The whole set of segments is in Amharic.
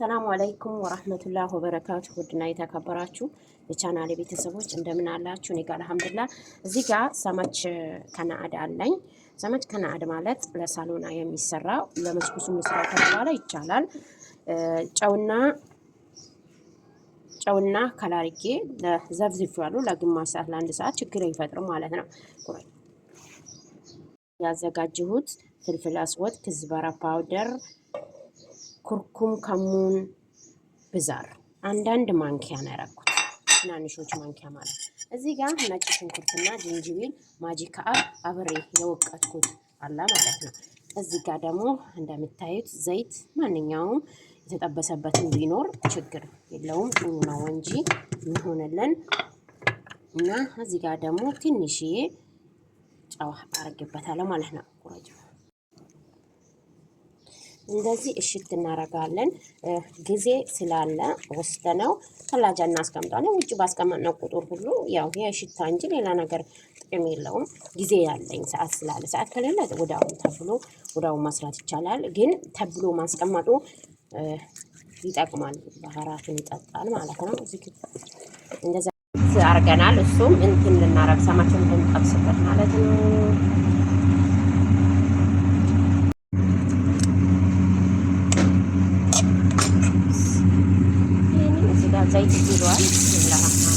ሰላሙ አለይኩም ወራህመቱላህ ወበረካቱ። ውድና የተከበራችሁ የቻናሌ ቤተሰቦች እንደምን አላችሁ? እኔ ጋር አልሐምዱሊላህ። እዚህ ጋር ሰመች ከነአድ አለኝ። ሰመች ከነአድ ማለት ለሳሎና የሚሰራ ለመስኩሱ ምስራ ከተባለ ይቻላል። ጨውና ጨውና ከላሪጌ ዘፍዝፍ ያሉ ለግማሽ ሰዓት ለአንድ ሰዓት ችግር አይፈጥርም ማለት ነው። ያዘጋጅሁት ፍልፍል አስወጥ፣ ክዝበራ ፓውደር ኩርኩም ከሙን ብዛር አንዳንድ ማንኪያ ነው ያረኩት፣ ትናንሾች ማንኪያ ማለት እዚህ ጋር ነጭ ሽንኩርትና ጅንጅቢል ማጂካ አብሬ የወቀትኩት አላ ማለት ነው። እዚህ ጋር ደግሞ እንደምታዩት ዘይት ማንኛውም የተጠበሰበትን ቢኖር ችግር የለውም ጥሩ ነው እንጂ የሚሆንልን እና እዚህ ጋር ደግሞ ትንሽዬ ጨው አረግበታለሁ ማለት ነው ቁረጫ እንደዚህ እሽት እናደርጋለን። ጊዜ ስላለ ወስደ ወስደነው ተላጃ እናስቀምጠዋለን። ውጭ ባስቀመጥነው ቁጥር ሁሉ ያው ይሄ ሽታ እንጂ ሌላ ነገር ጥቅም የለውም። ጊዜ ያለኝ ሰዓት ስላለ ሰዓት ከሌለ ወደ ተብሎ ወደ ማስራት ይቻላል። ግን ተብሎ ማስቀመጡ ይጠቅማል። ባህራትን ይጠጣል ማለት ነው። እንደዚ አርገናል። እሱም እንትን ልናረግ ሰማችን ልንጠብስበት ማለት ነው። जाय गिदिरआ जेब्ला नाखौ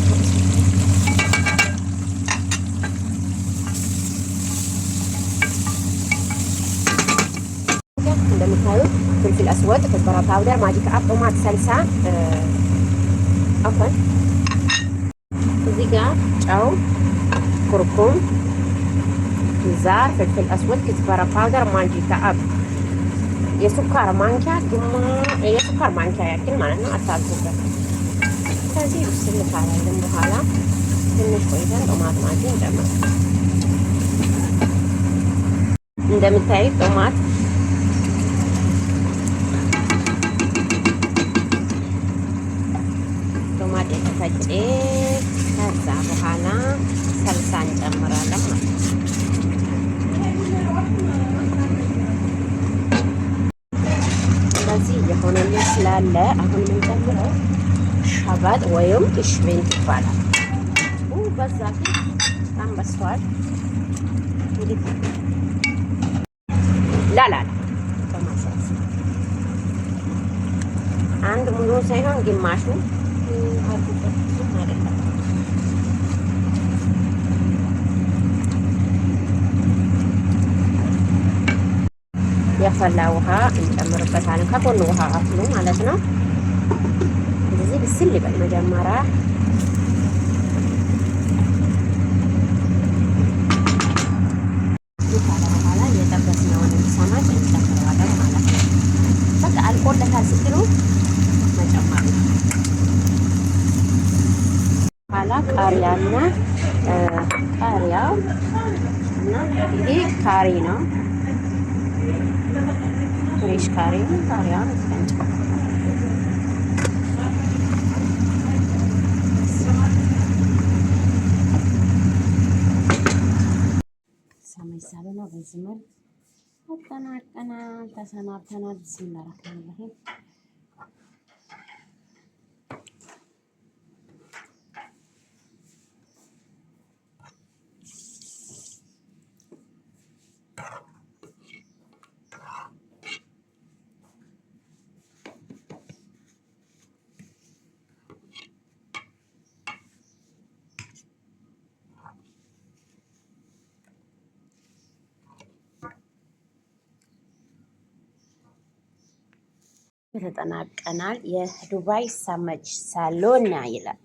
Thank you. እንደምታዩት ፍልፍል አስወጥ፣ ከዝበራ ፓውደር፣ ማጂክ አፕ፣ ቶማት ሰልሳ አፈን እዚህ ጋር ጨው፣ ኩርኩም፣ ዛር፣ ፍልፍል አስወጥ፣ ከዝበራ ፓውደር፣ ማጂክ አፕ የሱካር ማንኪያ ግማ የሱካር ማንኪያ ያክል ማለት ነው። አታልፉበት። ከዚህ ውስጥ እንካላለን በኋላ ትንሽ ቆይተን ጦማት ማንኪያ እንጨምራለን። እንደምታዩት ቶማት አስቀምጬ ከዛ በኋላ ሰልሳ እንጨምራለን ማለት ነው። ስለዚህ የሆነ ስላለ አሁን የምንጨምረው ሸበጥ ወይም ኢሽቤንት ይባላል። በዛ በጣም በስተዋል እንግዲህ አንድ ሙሉ ሳይሆን ግማሹ የፈላ ውሃ እንጨምርበታለን። ከጎን ውሃ አፍሉ ማለት ነው። እንደዚህ ብስል ይበል መጀመሪያ ቃሪያና ቃሪያው እና ይሄ ካሪ ነው። ትንሽ ካሬ ቃሪያን ፈንጭ ሳመይሳሌ ነው። በዚህ መልክ አጠናቀና ተሰናብተናል። ብስም ለራህማን ተጠናቀናል። የዱባይ ሳመች ሳሎና ይላል።